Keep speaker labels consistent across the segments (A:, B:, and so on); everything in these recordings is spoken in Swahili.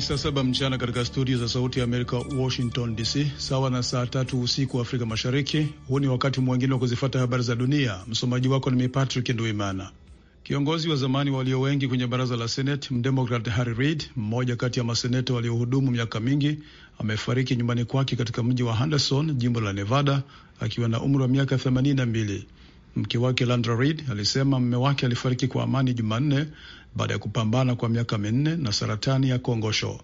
A: saa saba mchana katika studio za Sauti ya Amerika, Washington DC, sawa na saa tatu usiku wa Afrika Mashariki. Huu ni wakati mwengine wa kuzifata habari za dunia. Msomaji wako ni mimi Patrick Nduimana. Kiongozi wa zamani walio wengi kwenye baraza la Senate mdemokrat Harry Reid, mmoja kati ya maseneta waliohudumu miaka mingi, amefariki nyumbani kwake katika mji wa Henderson, jimbo la Nevada, akiwa na umri wa miaka 82. Mke wake Landra Reid alisema mme wake alifariki kwa amani Jumanne baada ya kupambana kwa miaka minne na saratani ya kongosho.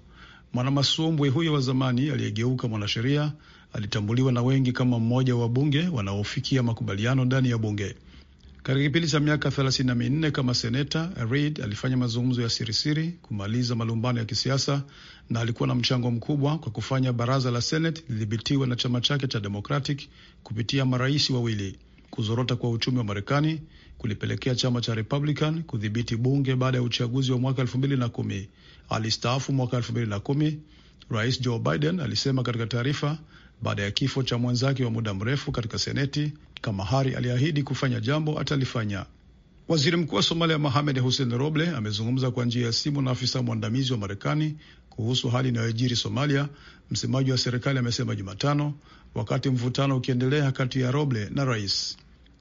A: Mwanamasumbwi huyo wa zamani aliyegeuka mwanasheria alitambuliwa na wengi kama mmoja wa bunge wanaofikia makubaliano ndani ya bunge. Katika kipindi cha miaka thelathini na minne kama seneta, Reid alifanya mazungumzo ya sirisiri kumaliza malumbano ya kisiasa na alikuwa na mchango mkubwa kwa kufanya baraza la Senate lilidhibitiwa na chama chake cha Democratic kupitia marais wawili. Kuzorota kwa uchumi wa Marekani kulipelekea chama cha Republican kudhibiti bunge baada ya uchaguzi wa mwaka 2010. Alistaafu mwaka 2010. Rais Joe Biden alisema katika taarifa baada ya kifo cha mwenzake wa muda mrefu katika Seneti, kama Hari aliahidi kufanya jambo atalifanya. Waziri mkuu wa Somalia Mohamed Hussein Roble amezungumza kwa njia ya simu na afisa mwandamizi wa Marekani kuhusu hali inayojiri Somalia, msemaji wa serikali amesema Jumatano, wakati mvutano ukiendelea kati ya Roble na rais.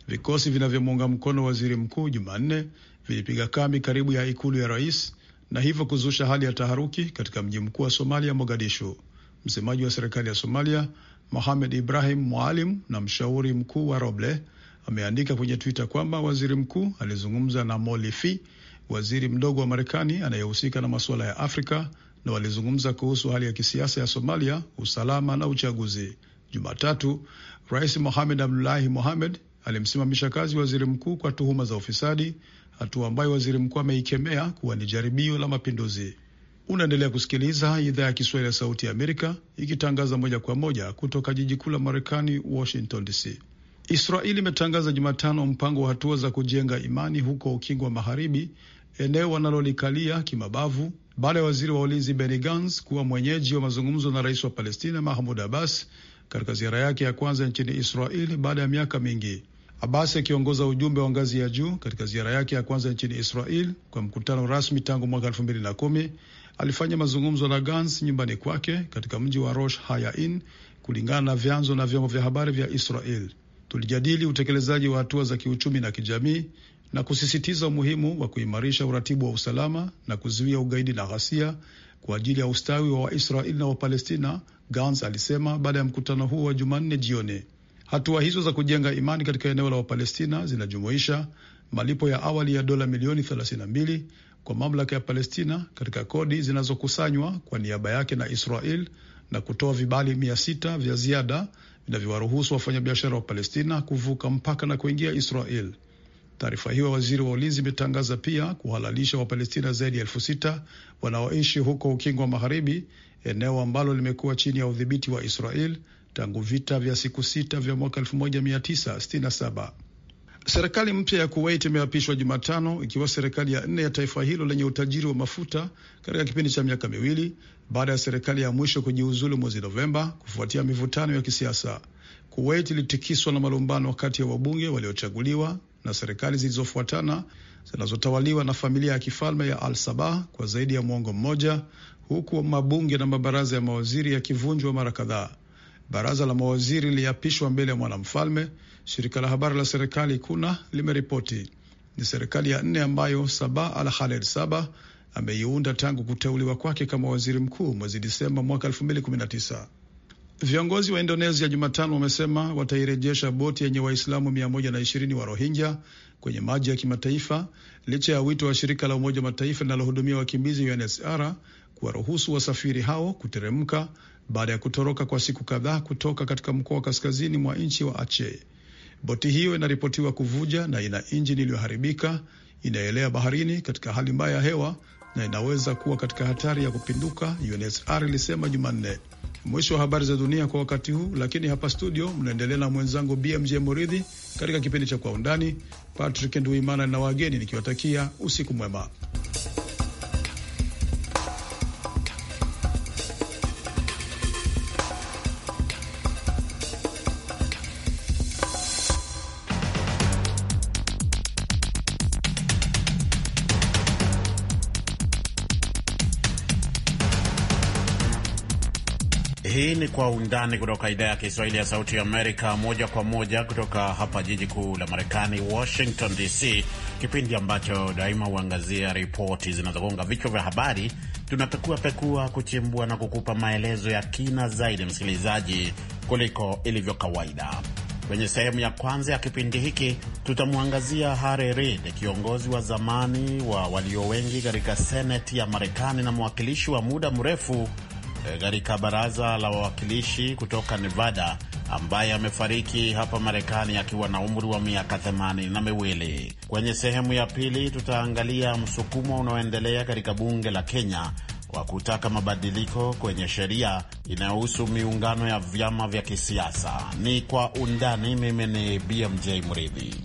A: Vikosi vinavyomuunga mkono waziri mkuu Jumanne vilipiga kambi karibu ya ikulu ya rais na hivyo kuzusha hali ya taharuki katika mji mkuu wa Somalia, Mogadishu. Msemaji wa serikali ya Somalia Mohamed Ibrahim mwalim na mshauri mkuu wa Roble ameandika kwenye Twitter kwamba waziri mkuu alizungumza na Molifi, waziri mdogo wa Marekani anayehusika na masuala ya Afrika, na walizungumza kuhusu hali ya kisiasa ya Somalia, usalama na uchaguzi. Jumatatu, Rais Mohamed Abdullahi Mohamed alimsimamisha kazi waziri mkuu kwa tuhuma za ufisadi, hatua ambayo waziri mkuu ameikemea kuwa ni jaribio la mapinduzi. Unaendelea kusikiliza idhaa ya Kiswahili ya Sauti ya Amerika ikitangaza moja kwa moja kutoka jiji kuu la Marekani, Washington DC. Israeli imetangaza Jumatano mpango wa hatua za kujenga imani huko Ukingo wa Magharibi, eneo wanalolikalia kimabavu baada ya waziri wa ulinzi Benny Gantz kuwa mwenyeji wa mazungumzo na rais wa Palestina Mahmud Abbas katika ziara yake ya kwanza nchini Israeli baada ya miaka mingi. Abasi akiongoza ujumbe wa ngazi ya juu katika ziara yake ya kwanza nchini Israel kwa mkutano rasmi tangu mwaka elfu mbili na kumi alifanya mazungumzo na Gans nyumbani kwake katika mji wa Rosh Hayain, kulingana na vyanzo na vyombo vya habari vya Israel. Tulijadili utekelezaji wa hatua za kiuchumi na kijamii na kusisitiza umuhimu wa kuimarisha uratibu wa usalama na kuzuia ugaidi na ghasia kwa ajili ya ustawi wa Waisraeli na Wapalestina, Gans alisema baada ya mkutano huo wa Jumanne jioni. Hatua hizo za kujenga imani katika eneo la Wapalestina zinajumuisha malipo ya awali ya dola milioni 32 kwa mamlaka ya Palestina katika kodi zinazokusanywa kwa niaba yake na Israel na kutoa vibali 600 vya ziada vinavyowaruhusu wafanyabiashara wa Palestina kuvuka mpaka na kuingia Israel. Taarifa hiyo ya waziri wa ulinzi imetangaza pia kuhalalisha Wapalestina zaidi ya elfu sita wanaoishi huko Ukingo wa Magharibi, eneo ambalo limekuwa chini ya udhibiti wa Israel tangu vita vya siku sita vya mwaka 1967. Serikali mpya ya Kuwait imeapishwa Jumatano, ikiwa serikali ya nne ya taifa hilo lenye utajiri wa mafuta katika kipindi cha miaka miwili baada ya serikali ya mwisho kujiuzulu mwezi Novemba kufuatia mivutano ya kisiasa. Kuwait ilitikiswa na malumbano kati ya wabunge waliochaguliwa na serikali zilizofuatana zinazotawaliwa na familia ya kifalme ya Al Sabah kwa zaidi ya mwongo mmoja, huku mabunge na mabaraza ya mawaziri yakivunjwa mara kadhaa. Baraza la mawaziri liliapishwa mbele ya mwanamfalme, shirika la habari la serikali Kuna limeripoti. Ni serikali ya nne ambayo Sabah Al Khaled saba ameiunda tangu kuteuliwa kwake kama waziri mkuu mwezi Disemba mwaka 2019. Viongozi wa Indonesia Jumatano wamesema watairejesha boti yenye Waislamu 120 wa Rohingya kwenye maji ya kimataifa licha ya wito wa shirika la Umoja wa Mataifa linalohudumia wakimbizi UNHCR kuwaruhusu wasafiri hao kuteremka baada ya kutoroka kwa siku kadhaa kutoka katika mkoa wa kaskazini mwa nchi wa Aceh. Boti hiyo inaripotiwa kuvuja na ina injini iliyoharibika, inaelea baharini katika hali mbaya ya hewa na inaweza kuwa katika hatari ya kupinduka, UNHCR ilisema Jumanne. Mwisho wa habari za dunia kwa wakati huu, lakini hapa studio mnaendelea na mwenzangu BMJ Muridhi katika kipindi cha Kwa Undani. Patrick Nduimana na wageni nikiwatakia usiku mwema.
B: Kwa Undani kutoka idhaa ya Kiswahili ya Sauti Amerika, moja kwa moja kutoka hapa jiji kuu la Marekani, Washington DC, kipindi ambacho daima huangazia ripoti zinazogonga vichwa vya habari. Tunapekua pekua, kuchimbua na kukupa maelezo ya kina zaidi, msikilizaji, kuliko ilivyo kawaida. Kwenye sehemu ya kwanza ya kipindi hiki tutamwangazia Harry Reid, kiongozi wa zamani wa walio wengi katika seneti ya Marekani na mwakilishi wa muda mrefu Eh, katika baraza la wawakilishi kutoka Nevada ambaye amefariki hapa Marekani akiwa na umri wa miaka themanini na miwili. Kwenye sehemu ya pili tutaangalia msukumo unaoendelea katika bunge la Kenya wa kutaka mabadiliko kwenye sheria inayohusu miungano ya vyama vya kisiasa. Ni kwa undani. Mimi ni BMJ Mridhi.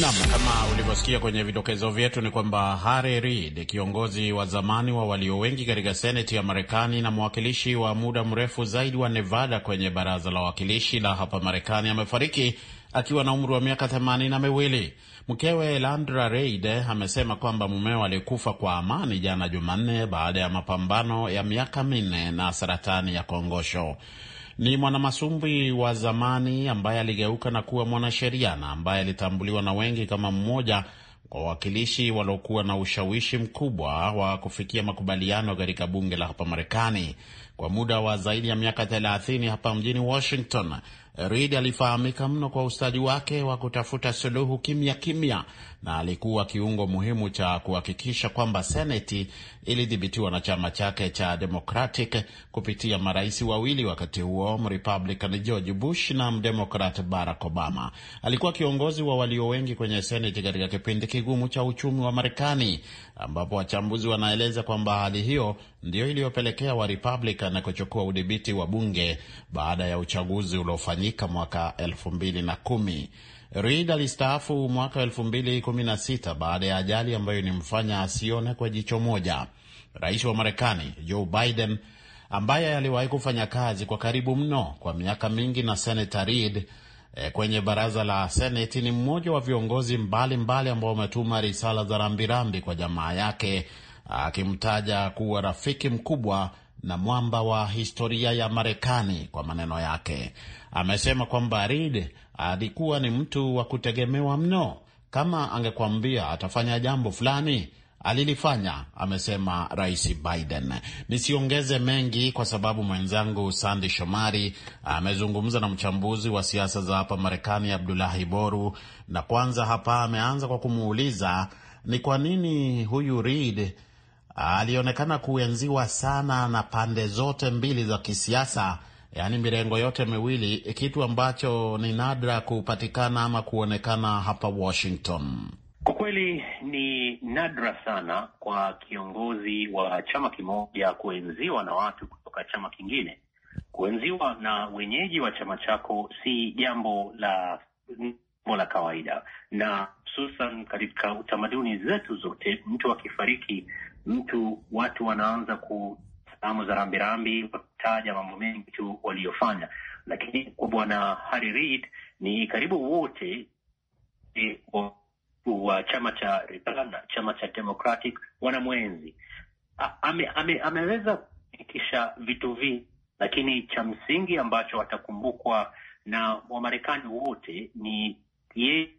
B: Nam, kama ulivyosikia kwenye vidokezo vyetu ni kwamba Harry Reid, kiongozi wa zamani wa walio wengi katika seneti ya Marekani na mwakilishi wa muda mrefu zaidi wa Nevada kwenye baraza la wakilishi la hapa Marekani, amefariki akiwa na umri wa miaka themanini na miwili. Mkewe Landra Reid amesema kwamba mumeo alikufa kwa amani jana Jumanne baada ya mapambano ya miaka minne na saratani ya kongosho. Ni mwanamasumbwi wa zamani ambaye aligeuka na kuwa mwanasheria na ambaye alitambuliwa na wengi kama mmoja kwa wawakilishi waliokuwa na ushawishi mkubwa wa kufikia makubaliano katika bunge la hapa Marekani kwa muda wa zaidi ya miaka 30 hapa mjini Washington. Reid alifahamika mno kwa ustadi wake wa kutafuta suluhu kimya kimya, na alikuwa kiungo muhimu cha kuhakikisha kwamba seneti ilidhibitiwa na chama chake cha Democratic kupitia marais wawili wakati huo, Mrepublican George Bush na Mdemokrat Barack Obama. Alikuwa kiongozi wa walio wengi kwenye seneti katika kipindi kigumu cha uchumi wa Marekani, ambapo wachambuzi wanaeleza kwamba hali hiyo ndiyo iliyopelekea Warepublican kuchukua udhibiti wa bunge baada ya uchaguzi uliofanyika iliyofanyika mwaka 2010. Reid alistaafu mwaka 2016 baada ya ajali ambayo ilimfanya asione kwa jicho moja. Rais wa Marekani Joe Biden ambaye aliwahi kufanya kazi kwa karibu mno kwa miaka mingi na Senata Reid e, kwenye baraza la Seneti ni mmoja wa viongozi mbalimbali ambao wametuma risala za rambirambi kwa jamaa yake akimtaja kuwa rafiki mkubwa na mwamba wa historia ya Marekani. Kwa maneno yake, amesema kwamba Reid alikuwa ni mtu wa kutegemewa mno. Kama angekwambia atafanya jambo fulani alilifanya, amesema Rais Biden. Nisiongeze mengi kwa sababu mwenzangu Sandi Shomari amezungumza na mchambuzi wa siasa za hapa Marekani Abdulahi Boru, na kwanza hapa ameanza kwa kumuuliza ni kwa nini huyu Reid alionekana kuenziwa sana na pande zote mbili za kisiasa, yaani mirengo yote miwili, kitu ambacho ni nadra kupatikana ama kuonekana hapa Washington.
C: Kwa kweli ni nadra sana kwa kiongozi wa chama kimoja kuenziwa na watu kutoka chama kingine. Kuenziwa na wenyeji wa chama chako si jambo la jambo la kawaida, na hususan katika utamaduni zetu zote, mtu akifariki mtu watu wanaanza ku za rambirambi wakitaja mambo mengi tu waliyofanya, lakini kwa bwana Harry Reid ni karibu wote e, o, wa chama cha Republican chama cha Democratic wanamwenzi. Ame, ame, ameweza kufikisha vitu vingi, lakini cha msingi ambacho watakumbukwa na Wamarekani wote ni yeye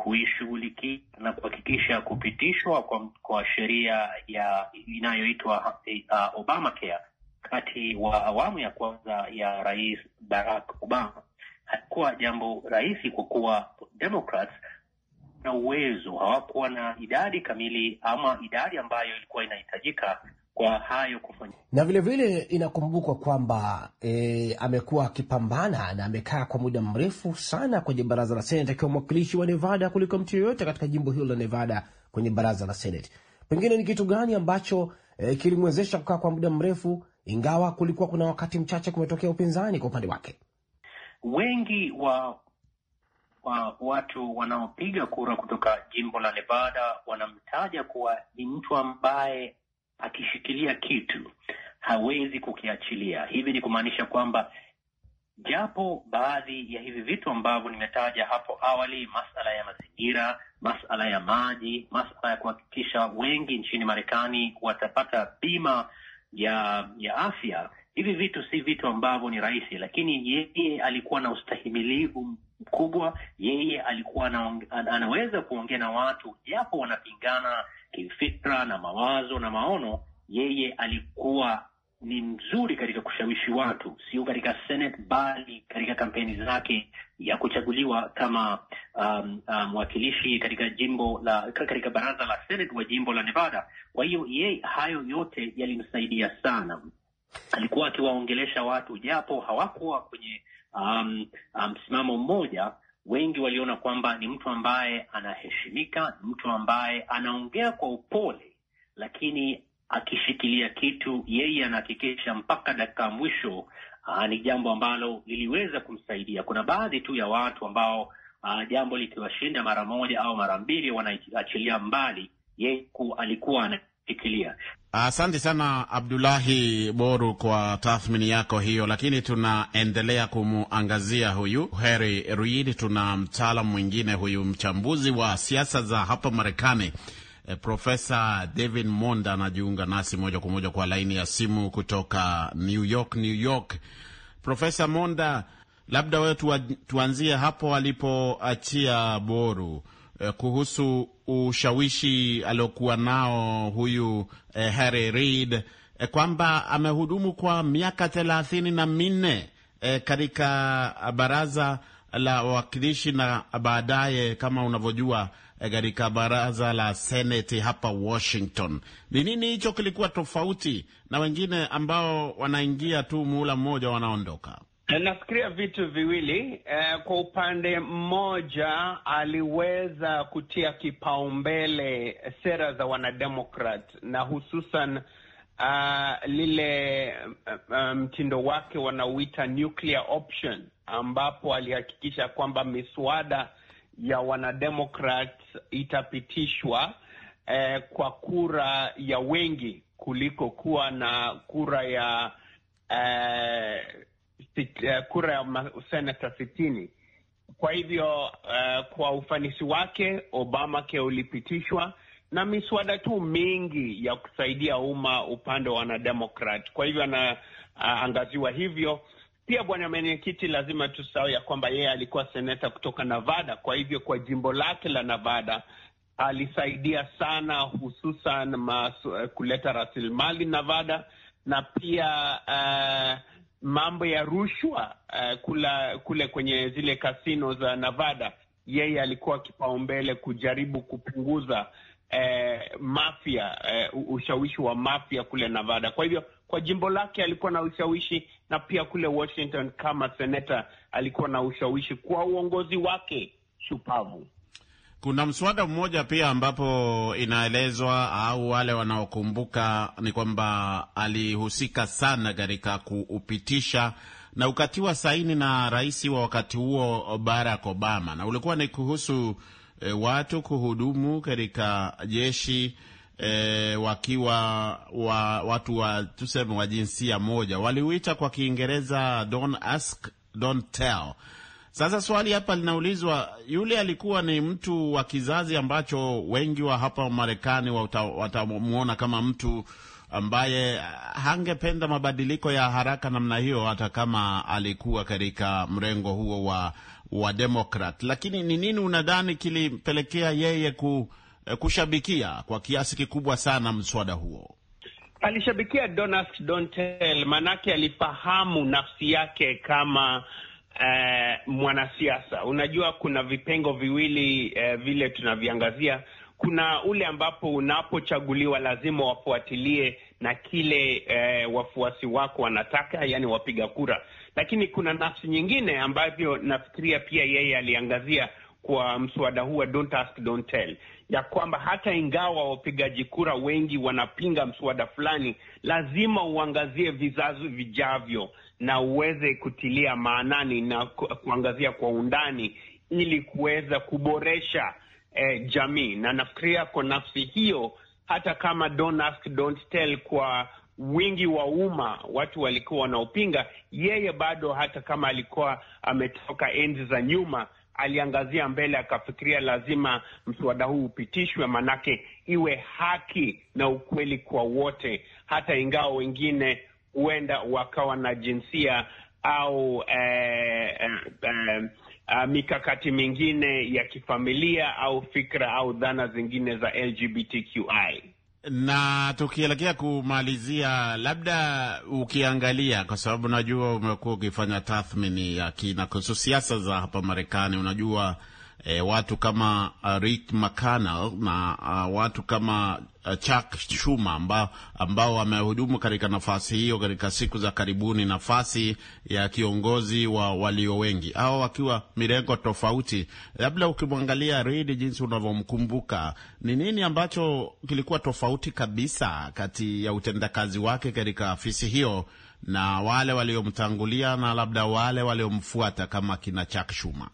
C: kuishughulikia na kuhakikisha kupitishwa kwa, kwa sheria ya inayoitwa uh, Obamacare kati wa awamu ya kwanza ya Rais Barack Obama haikuwa jambo rahisi kwa kuwa Democrats na uwezo hawakuwa na idadi kamili ama idadi ambayo ilikuwa inahitajika kwa hayo kufanya.
D: Na vilevile vile inakumbukwa kwamba e, amekuwa akipambana na amekaa kwa muda mrefu sana kwenye baraza la Senate akiwa mwakilishi wa Nevada kuliko mtu yoyote katika jimbo hilo la Nevada kwenye baraza la Senate. Pengine ni kitu gani ambacho e, kilimwezesha kukaa kwa muda mrefu, ingawa kulikuwa kuna wakati mchache kumetokea upinzani kwa upande
C: wake? Wengi wa wa watu wanaopiga kura kutoka jimbo la Nevada wanamtaja kuwa ni mtu ambaye akishikilia kitu hawezi kukiachilia. Hivi ni kumaanisha kwamba japo baadhi ya hivi vitu ambavyo nimetaja hapo awali, masala ya mazingira, masala ya maji, masala ya kuhakikisha wengi nchini Marekani watapata bima ya ya afya, hivi vitu si vitu ambavyo ni rahisi, lakini yeye alikuwa na ustahimilivu mkubwa. Yeye alikuwa anaweza kuongea na watu japo wanapingana kifikra na mawazo na maono, yeye alikuwa ni mzuri katika kushawishi watu, sio katika Senate bali katika kampeni zake ya kuchaguliwa kama um, uh, mwakilishi um, um, katika jimbo la katika baraza la Senate wa jimbo la Nevada. Kwa hiyo ye, hayo yote yalimsaidia sana. Alikuwa akiwaongelesha watu japo hawakuwa kwenye um, uh, msimamo um, um, mmoja wengi waliona kwamba ni mtu ambaye anaheshimika, ni mtu ambaye anaongea kwa upole, lakini akishikilia kitu yeye anahakikisha mpaka dakika ya mwisho. Aa, ah, ni jambo ambalo liliweza kumsaidia. Kuna baadhi tu ya watu ambao aa, ah, jambo likiwashinda mara moja au mara mbili wanaachilia mbali. Yeye alikuwa ana kushikilia.
B: Asante sana Abdulahi Boru kwa tathmini yako hiyo, lakini tunaendelea kumuangazia huyu Heri rid Tuna mtaalam mwingine huyu, mchambuzi wa siasa za hapa Marekani, e, Profesa David Monda anajiunga nasi moja kwa moja kwa laini ya simu kutoka New York, New York. Profesa Monda, labda wewe tuanzie hapo alipoachia Boru eh, kuhusu ushawishi aliokuwa nao huyu eh, Harry Reid eh, kwamba amehudumu kwa miaka thelathini na minne eh, katika baraza la wawakilishi na baadaye kama unavyojua eh, katika baraza la seneti hapa Washington. Ni nini hicho kilikuwa tofauti na wengine ambao wanaingia tu muhula mmoja wanaondoka?
E: Eh, nafikiria vitu viwili eh. Kwa upande mmoja, aliweza kutia kipaumbele sera za wanademokrat na hususan uh, lile eh, eh, mtindo um, wake wanauita nuclear option, ambapo alihakikisha kwamba miswada ya wanademokrat itapitishwa eh, kwa kura ya wengi kuliko kuwa na kura ya eh, Eh, kura ya senata sitini. Kwa hivyo uh, kwa ufanisi wake Obama ke ulipitishwa na miswada tu mingi ya kusaidia umma upande wa wanademokrat. Kwa hivyo anaangaziwa eh, uh, hivyo pia. Bwana mwenyekiti, lazima tusahau ya kwamba yeye alikuwa seneta kutoka Nevada. Kwa hivyo kwa jimbo lake la Nevada alisaidia sana, hususan kuleta rasilimali Nevada na pia uh, mambo ya rushwa uh, kula, kule kwenye zile kasino za Nevada, yeye alikuwa kipaumbele kujaribu kupunguza uh, mafia uh, ushawishi wa mafia kule Nevada. Kwa hivyo kwa jimbo lake alikuwa na ushawishi, na pia kule Washington kama seneta alikuwa na ushawishi kwa uongozi wake shupavu.
B: Kuna mswada mmoja pia ambapo inaelezwa au wale wanaokumbuka ni kwamba alihusika sana katika kuupitisha na ukatiwa saini na rais wa wakati huo Barack Obama, na ulikuwa ni kuhusu e, watu kuhudumu katika jeshi e, wakiwa wa, watu wa tuseme wa jinsia moja. Waliuita kwa Kiingereza don't ask, don't tell sasa swali hapa linaulizwa, yule alikuwa ni mtu wa kizazi ambacho wengi wa hapa Marekani watamwona kama mtu ambaye hangependa mabadiliko ya haraka namna hiyo, hata kama alikuwa katika mrengo huo wa wa Demokrat. Lakini ni nini unadhani kilipelekea yeye eh, kushabikia kwa kiasi kikubwa sana mswada huo?
E: Alishabikia don't don't tell, maanake alifahamu nafsi yake kama eh, mwanasiasa. Unajua kuna vipengo viwili eh, vile tunavyangazia Kuna ule ambapo unapochaguliwa lazima wafuatilie na kile eh, wafuasi wako wanataka, yani wapiga kura, lakini kuna nafsi nyingine ambavyo nafikiria pia yeye aliangazia kwa mswada huu wa don't ask don't tell, ya kwamba hata ingawa wapigaji kura wengi wanapinga mswada fulani, lazima uangazie vizazi vijavyo na uweze kutilia maanani na kuangazia kwa undani ili kuweza kuboresha eh, jamii. Na nafikiria kwa nafsi hiyo, hata kama don't ask, don't tell kwa wingi wa umma watu walikuwa wanaopinga yeye, bado hata kama alikuwa ametoka enzi za nyuma, aliangazia mbele, akafikiria lazima mswada huu upitishwe, manake iwe haki na ukweli kwa wote, hata ingawa wengine huenda wakawa na jinsia au eh, eh, eh, eh, mikakati mingine ya kifamilia au fikra au dhana zingine za LGBTQI.
B: Na tukielekea kumalizia, labda ukiangalia, kwa sababu najua umekuwa ukifanya tathmini ya kina kuhusu siasa za hapa Marekani, unajua e, watu kama uh, Rick McConnell na uh, watu kama uh, Chuck Schumer ambao, ambao wamehudumu katika nafasi hiyo katika siku za karibuni, nafasi ya kiongozi wa walio wengi, hao wakiwa mirengo tofauti. Labda ukimwangalia Reid, jinsi unavyomkumbuka, ni nini ambacho kilikuwa tofauti kabisa kati ya utendakazi wake katika afisi hiyo na wale waliomtangulia na labda wale waliomfuata kama kina Chuck Schumer?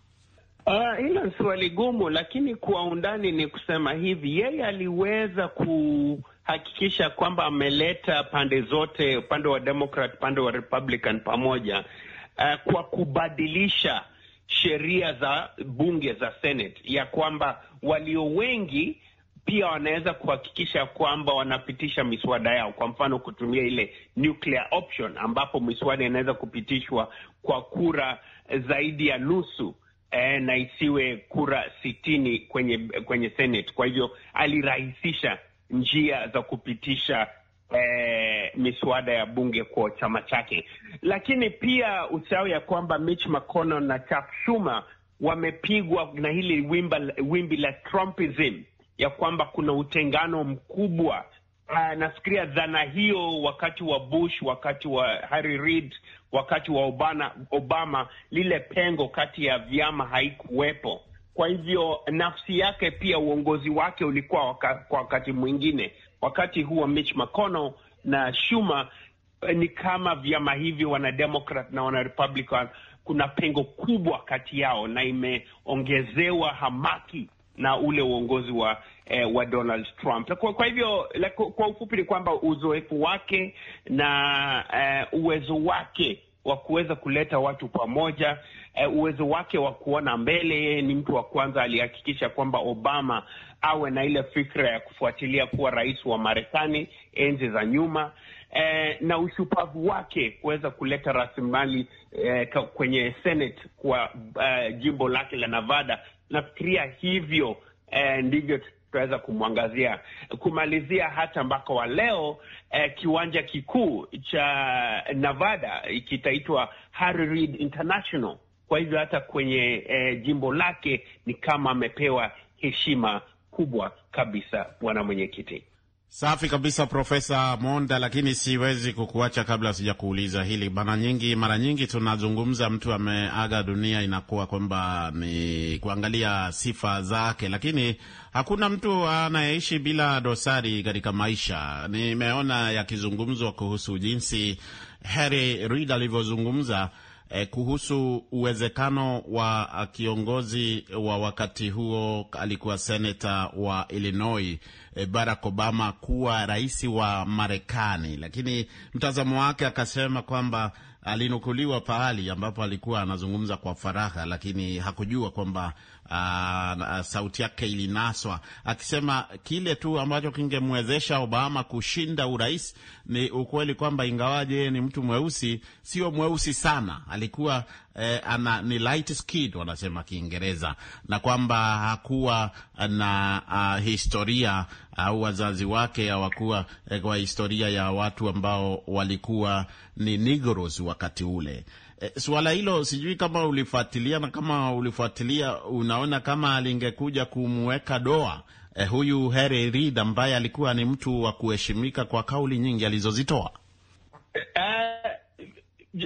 E: Ah, hilo ni swali gumu, lakini kwa undani ni kusema hivi, yeye aliweza kuhakikisha kwamba ameleta pande zote, upande wa Democrat, upande wa Republican pamoja, uh, kwa kubadilisha sheria za bunge za Senate ya kwamba walio wengi pia wanaweza kuhakikisha kwamba wanapitisha miswada yao, kwa mfano kutumia ile nuclear option, ambapo miswada inaweza kupitishwa kwa kura zaidi ya nusu eh, na isiwe kura sitini kwenye kwenye Senate. Kwa hivyo alirahisisha njia za kupitisha eh, miswada ya bunge kwa chama chake, lakini pia usahau ya kwamba Mitch McConnell na Chuck Schumer wamepigwa na hili wimba, wimbi la Trumpism ya kwamba kuna utengano mkubwa. Uh, nafikiria dhana hiyo wakati wa Bush, wakati wa Harry Reid, wakati wa Obama, Obama lile pengo kati ya vyama haikuwepo. Kwa hivyo nafsi yake pia uongozi wake ulikuwa waka, kwa wakati mwingine, wakati huo Mitch McConnell na Schumer eh, ni kama vyama hivi wanademokrat na wanarepublican, kuna pengo kubwa kati yao na imeongezewa hamaki na ule uongozi wa eh, wa Donald Trump. Kwa, kwa hivyo kwa ufupi ni kwamba uzoefu wake na eh, uwezo wake wa kuweza kuleta watu pamoja e, uwezo wake wa kuona mbele. Yeye ni mtu wa kwanza alihakikisha kwamba Obama awe na ile fikra ya kufuatilia kuwa rais wa Marekani enzi za nyuma e, na ushupavu wake kuweza kuleta rasilimali e, kwenye Senate kwa uh, jimbo lake la Nevada. Nafikiria hivyo e, ndivyo tukaweza kumwangazia kumalizia hata ambako wa leo eh, kiwanja kikuu cha Nevada kitaitwa Harry Reid International. Kwa hivyo hata kwenye eh, jimbo lake ni kama amepewa heshima kubwa kabisa, bwana mwenyekiti.
B: Safi kabisa Profesa Monda, lakini siwezi kukuacha kabla sijakuuliza hili Mara Nyingi mara nyingi tunazungumza mtu ameaga dunia, inakuwa kwamba ni kuangalia sifa zake, lakini hakuna mtu anayeishi bila dosari katika maisha. Nimeona yakizungumzwa kuhusu jinsi Harry Reid alivyozungumza eh, kuhusu uwezekano wa ah, kiongozi eh, wa wakati huo alikuwa seneta wa Illinois eh, Barack Obama kuwa rais wa Marekani, lakini mtazamo wake akasema kwamba alinukuliwa pahali ambapo alikuwa anazungumza kwa faraha lakini hakujua kwamba Ah, ah, sauti yake ilinaswa akisema kile tu ambacho kingemwezesha Obama kushinda urais ni ukweli kwamba ingawaje ni mtu mweusi, sio mweusi sana, alikuwa eh, ana, ni light wanasema Kiingereza, na kwamba hakuwa na uh, historia au uh, wazazi wake hawakuwa eh, kwa historia ya watu ambao walikuwa ni Negroes wakati ule. E, eh, suala hilo sijui kama ulifuatilia, na kama ulifuatilia, unaona kama alingekuja kumweka doa eh, huyu Harry Reid ambaye alikuwa ni mtu wa kuheshimika kwa kauli nyingi alizozitoa.
E: Uh,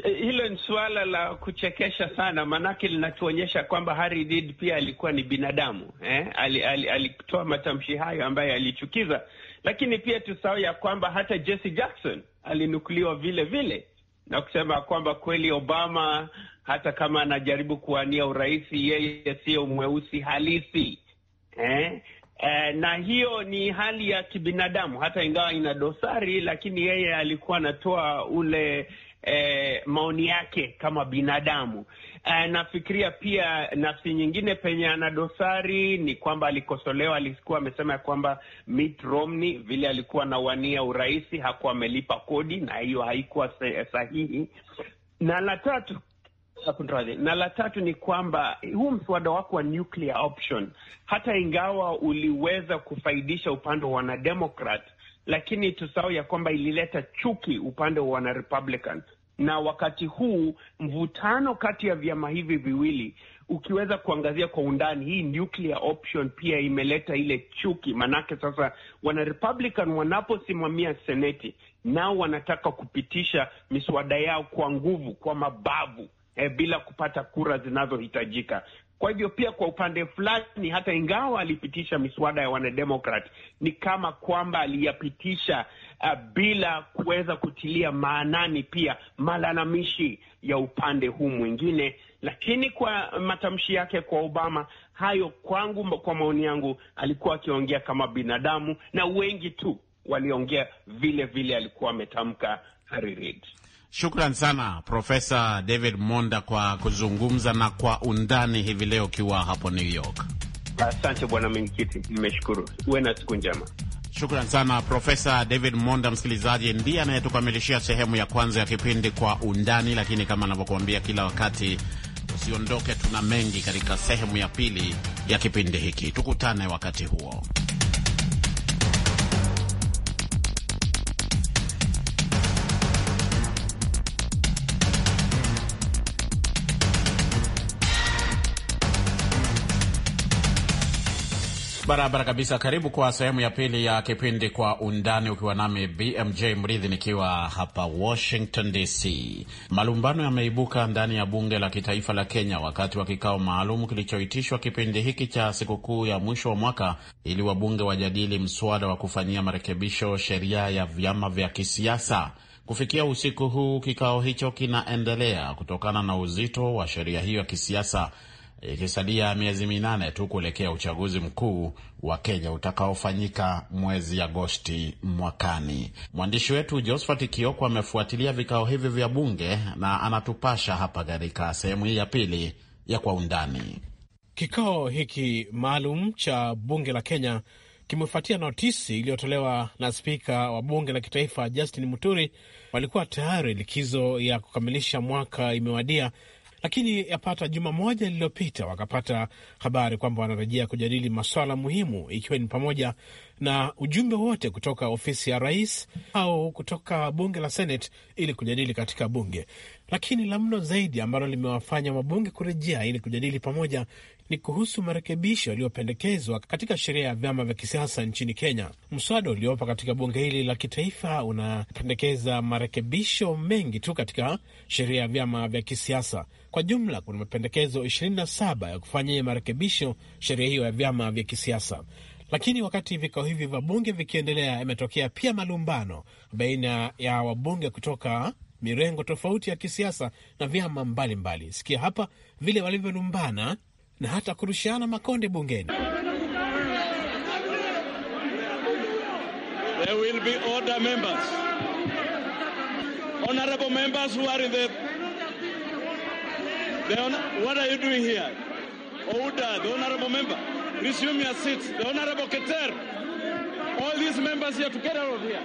E: hilo ni suala la kuchekesha sana, maanake linatuonyesha kwamba Harry Reid pia alikuwa ni binadamu eh? Ali, ali, alitoa matamshi hayo ambayo alichukiza, lakini pia tusahau ya kwamba hata Jesse Jackson alinukuliwa vile vile na kusema kwamba kweli Obama hata kama anajaribu kuwania urais, yeye siyo mweusi halisi eh? Eh, na hiyo ni hali ya kibinadamu, hata ingawa ina dosari, lakini yeye alikuwa anatoa ule eh, maoni yake kama binadamu. Eh, nafikiria pia nafsi nyingine penye ana dosari ni kwamba alikosolewa, alikuwa amesema ya kwamba Mitt Romney vile alikuwa anawania urais hakuwa amelipa kodi, na hiyo haikuwa sahihi. Na la tatu na la tatu ni kwamba huu mswada wako wa nuclear option, hata ingawa uliweza kufaidisha upande wa wanademokrat lakini tusahau ya kwamba ilileta chuki upande wa wana na wakati huu mvutano kati ya vyama hivi viwili ukiweza kuangazia kwa undani, hii nuclear option pia imeleta ile chuki, manake sasa wana Republican wanaposimamia seneti nao wanataka kupitisha miswada yao kwa nguvu, kwa mabavu eh, bila kupata kura zinazohitajika. Kwa hivyo pia kwa upande fulani, hata ingawa alipitisha miswada ya wanademokrat, ni kama kwamba aliyapitisha uh, bila kuweza kutilia maanani pia malalamishi ya upande huu mwingine. Lakini kwa matamshi yake kwa Obama hayo, kwangu, kwa maoni yangu, alikuwa akiongea kama binadamu, na wengi tu waliongea vile vile alikuwa ametamka Harry Reid.
B: Shukran sana Profesa David Monda kwa kuzungumza na kwa undani hivi leo ukiwa hapo New York.
E: Asante bwana mwenyekiti, nimeshukuru. Uwe na siku njema.
B: Shukran sana Profesa David Monda. Msikilizaji, ndiye anayetukamilishia sehemu ya kwanza ya kipindi Kwa Undani, lakini kama anavyokuambia kila wakati, usiondoke, tuna mengi katika sehemu ya pili ya kipindi hiki. Tukutane wakati huo. Barabara kabisa. Karibu kwa sehemu ya pili ya kipindi Kwa Undani, ukiwa nami BMJ Mridhi nikiwa hapa Washington DC. Malumbano yameibuka ndani ya bunge la kitaifa la Kenya wakati wa kikao maalum kilichoitishwa kipindi hiki cha sikukuu ya mwisho wa mwaka ili wabunge wajadili mswada wa kufanyia marekebisho sheria ya vyama vya kisiasa. Kufikia usiku huu, kikao hicho kinaendelea kutokana na uzito wa sheria hiyo ya kisiasa ikisalia miezi minane tu kuelekea uchaguzi mkuu wa Kenya utakaofanyika mwezi Agosti mwakani. Mwandishi wetu Josphat Kioko amefuatilia vikao hivi vya bunge na anatupasha hapa katika sehemu hii ya pili ya Kwa Undani.
D: Kikao hiki maalum cha bunge la Kenya kimefuatia notisi iliyotolewa na spika wa bunge la kitaifa Justin Muturi. Walikuwa tayari likizo ya kukamilisha mwaka imewadia lakini yapata juma moja lililopita wakapata habari kwamba wanarejea kujadili maswala muhimu, ikiwa ni pamoja na ujumbe wote kutoka ofisi ya rais au kutoka bunge la Senate ili kujadili katika bunge. Lakini la mno zaidi ambalo limewafanya wabunge kurejea ili kujadili pamoja ni kuhusu marekebisho yaliyopendekezwa katika sheria ya vyama vya kisiasa nchini Kenya. Mswada uliopo katika bunge hili la kitaifa unapendekeza marekebisho mengi tu katika sheria ya vyama vya kisiasa. Kwa jumla, kuna mapendekezo 27 ya kufanyia marekebisho sheria hiyo ya vyama vya kisiasa. Lakini wakati vikao hivi vya bunge vikiendelea, imetokea pia malumbano baina ya wabunge kutoka mirengo tofauti ya kisiasa na vyama mbalimbali. Sikia hapa vile walivyolumbana na hata kurushiana makonde bungeni.
A: There will be order members. Honorable members who are in the... The on... What are you doing here? Order, the honorable member. Resume your seats. The honorable Keter. All these members here to get out of here.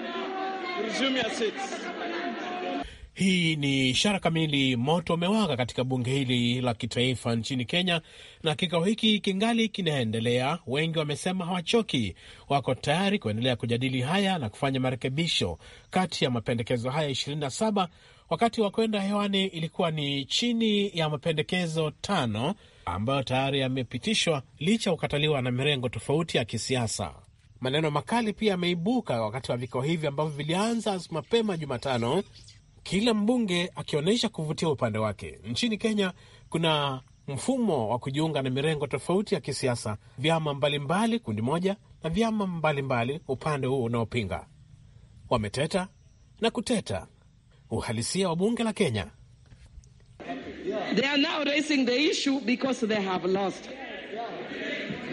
A: Resume your seats.
D: Hii ni ishara kamili, moto umewaka katika bunge hili la kitaifa nchini Kenya, na kikao hiki kingali kinaendelea. Wengi wamesema hawachoki, wako tayari kuendelea kujadili haya na kufanya marekebisho. Kati ya mapendekezo haya 27 wakati wa kwenda hewani ilikuwa ni chini ya mapendekezo tano ambayo tayari yamepitishwa licha ya kukataliwa na mirengo tofauti ya kisiasa. Maneno makali pia yameibuka wakati wa vikao hivi ambavyo vilianza mapema Jumatano kila mbunge akionyesha kuvutia upande wake. Nchini Kenya kuna mfumo wa kujiunga na mirengo tofauti ya kisiasa, vyama mbalimbali kundi moja na vyama mbalimbali upande huu unaopinga. Wameteta na kuteta uhalisia wa bunge la Kenya. They are now raising the issue because they have lost.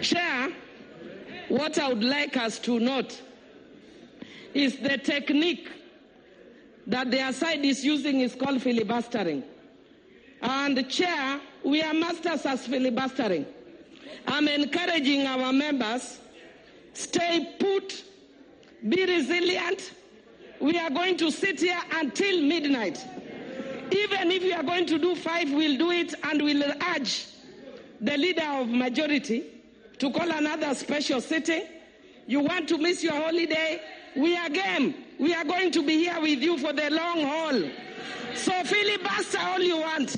D: Chair, what I would like us to note is the technique that their side is using is called filibustering. And chair, we are masters at filibustering. I'm encouraging our members, stay put, be resilient. We are going to sit here until midnight. Even if we are going to do five, we'll do it and we'll urge the leader of majority to call another special sitting. You want to miss your holiday? we again, we are going to be here with you for the long haul. So filibuster all you want.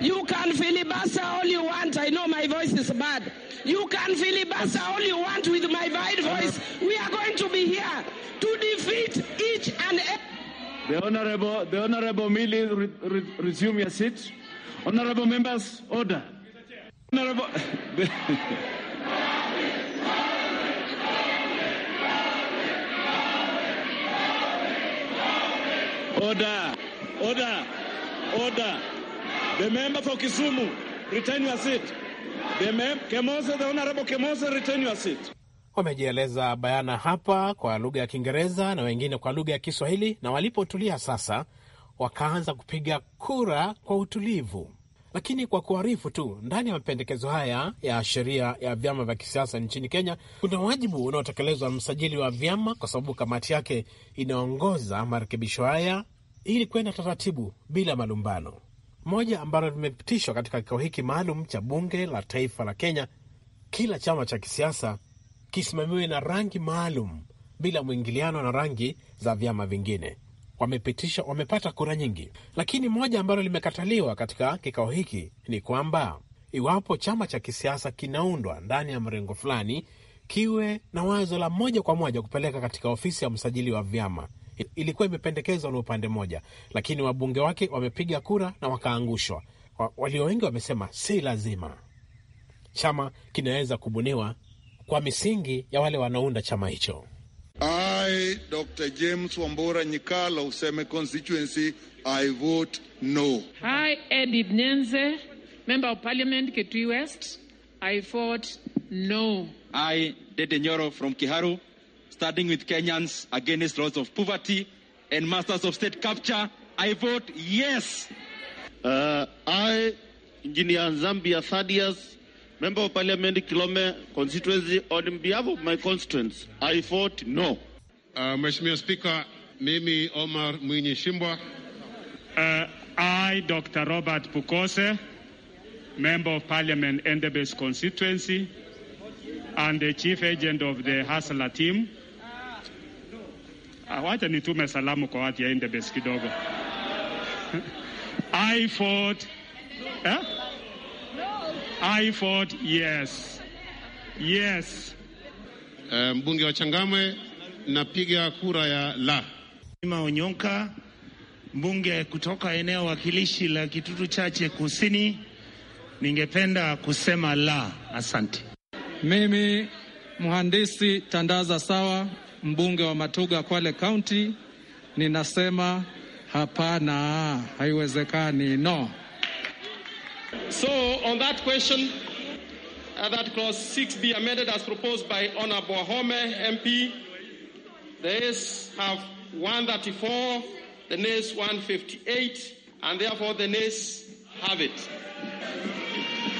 D: You can filibuster all you want. I know my voice is bad. You can filibuster all you want with my bad voice. We are going to be here to defeat each and every.
A: The Honorable, the Honorable Milley, re, re, resume your seat. Honorable members, order. Honorable. Order. Order. Order. The member for Kisumu, retain your seat. The mem Kemose, the honorable Kemose, retain your seat.
D: Wamejieleza bayana hapa kwa lugha ya Kiingereza na wengine kwa lugha ya Kiswahili, na walipotulia sasa wakaanza kupiga kura kwa utulivu. Lakini kwa kuarifu tu, ndani ya mapendekezo haya ya sheria ya vyama vya kisiasa nchini Kenya kuna wajibu unaotekelezwa msajili wa vyama, kwa sababu kamati yake inaongoza marekebisho haya ili kwenda taratibu bila malumbano. Moja ambalo limepitishwa katika kikao hiki maalum cha bunge la taifa la Kenya, kila chama cha kisiasa kisimamiwe na rangi maalum bila mwingiliano na rangi za vyama vingine. Wamepitisha, wamepata kura nyingi, lakini moja ambalo limekataliwa katika kikao hiki ni kwamba iwapo chama cha kisiasa kinaundwa ndani ya mrengo fulani kiwe na wazo la moja kwa moja kupeleka katika ofisi ya msajili wa vyama ilikuwa imependekezwa na upande mmoja, lakini wabunge wake wamepiga kura na wakaangushwa. Walio wengi wamesema si lazima, chama kinaweza kubuniwa kwa misingi ya wale wanaunda chama hicho.
A: I, Dr. James Wambora Nyikalo, Useme constituency, I vote no.
C: I, Edith Nyenze,
D: Member of Parliament, Kitui West, I vote no. I, Dede Nyoro from Kiharu, Starting with Kenyans against laws of poverty and masters of state capture. I vote yes. Uh, I,
B: Engineer Zambia Thaddeus, Member of Parliament Kilome constituency, on behalf of my constituents, I vote no. Uh, Mheshimiwa Speaker, Mimi Omar
E: Mwinyi Shimbwa. Uh, I, Dr. Robert Pukose, Member of Parliament, Endebes constituency, and the Chief Agent of the Hasla team. Ah, wacha nitume salamu kwa watu yaende besi kidogo I fought. Eh? I fought, yes. Yes.
B: Eh, mbunge wa Changamwe napiga kura ya la.
E: Onyonka mbunge kutoka eneo wakilishi la Kitutu Chache Kusini,
A: ningependa kusema la. Asante. Mimi mhandisi Tandaza Sawa mbunge wa Matuga, Kwale County, ninasema hapana, haiwezekani, no. So on that question uh, that clause 6 be amended as proposed by Honorable Home MP, the have 134, the Nays 158, and therefore the Nays have it.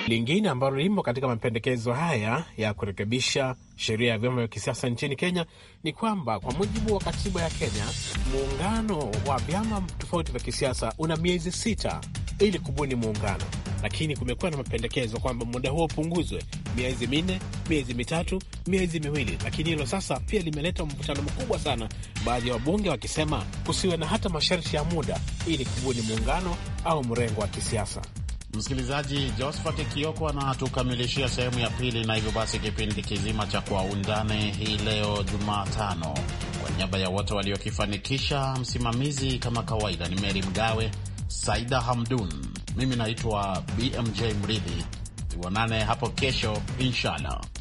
D: Lingine ambalo limo katika mapendekezo haya ya kurekebisha sheria ya vyama vya kisiasa nchini Kenya ni kwamba kwa mujibu wa katiba ya Kenya, muungano wa vyama tofauti vya kisiasa una miezi sita ili kubuni muungano, lakini kumekuwa na mapendekezo kwamba muda huo upunguzwe miezi minne, miezi mitatu, miezi miwili. Lakini hilo sasa pia limeleta mvutano mkubwa sana, baadhi ya wabunge wakisema kusiwe na hata masharti ya muda ili kubuni muungano au mrengo wa kisiasa. Msikilizaji,
B: Josphat Kioko anatukamilishia sehemu ya pili, na hivyo basi kipindi kizima cha Kwa Undani hii leo Jumatano, kwa niaba ya wote waliokifanikisha, msimamizi kama kawaida ni Meri Mgawe, Saida Hamdun, mimi naitwa BMJ Mridhi. Tuonane hapo kesho inshallah.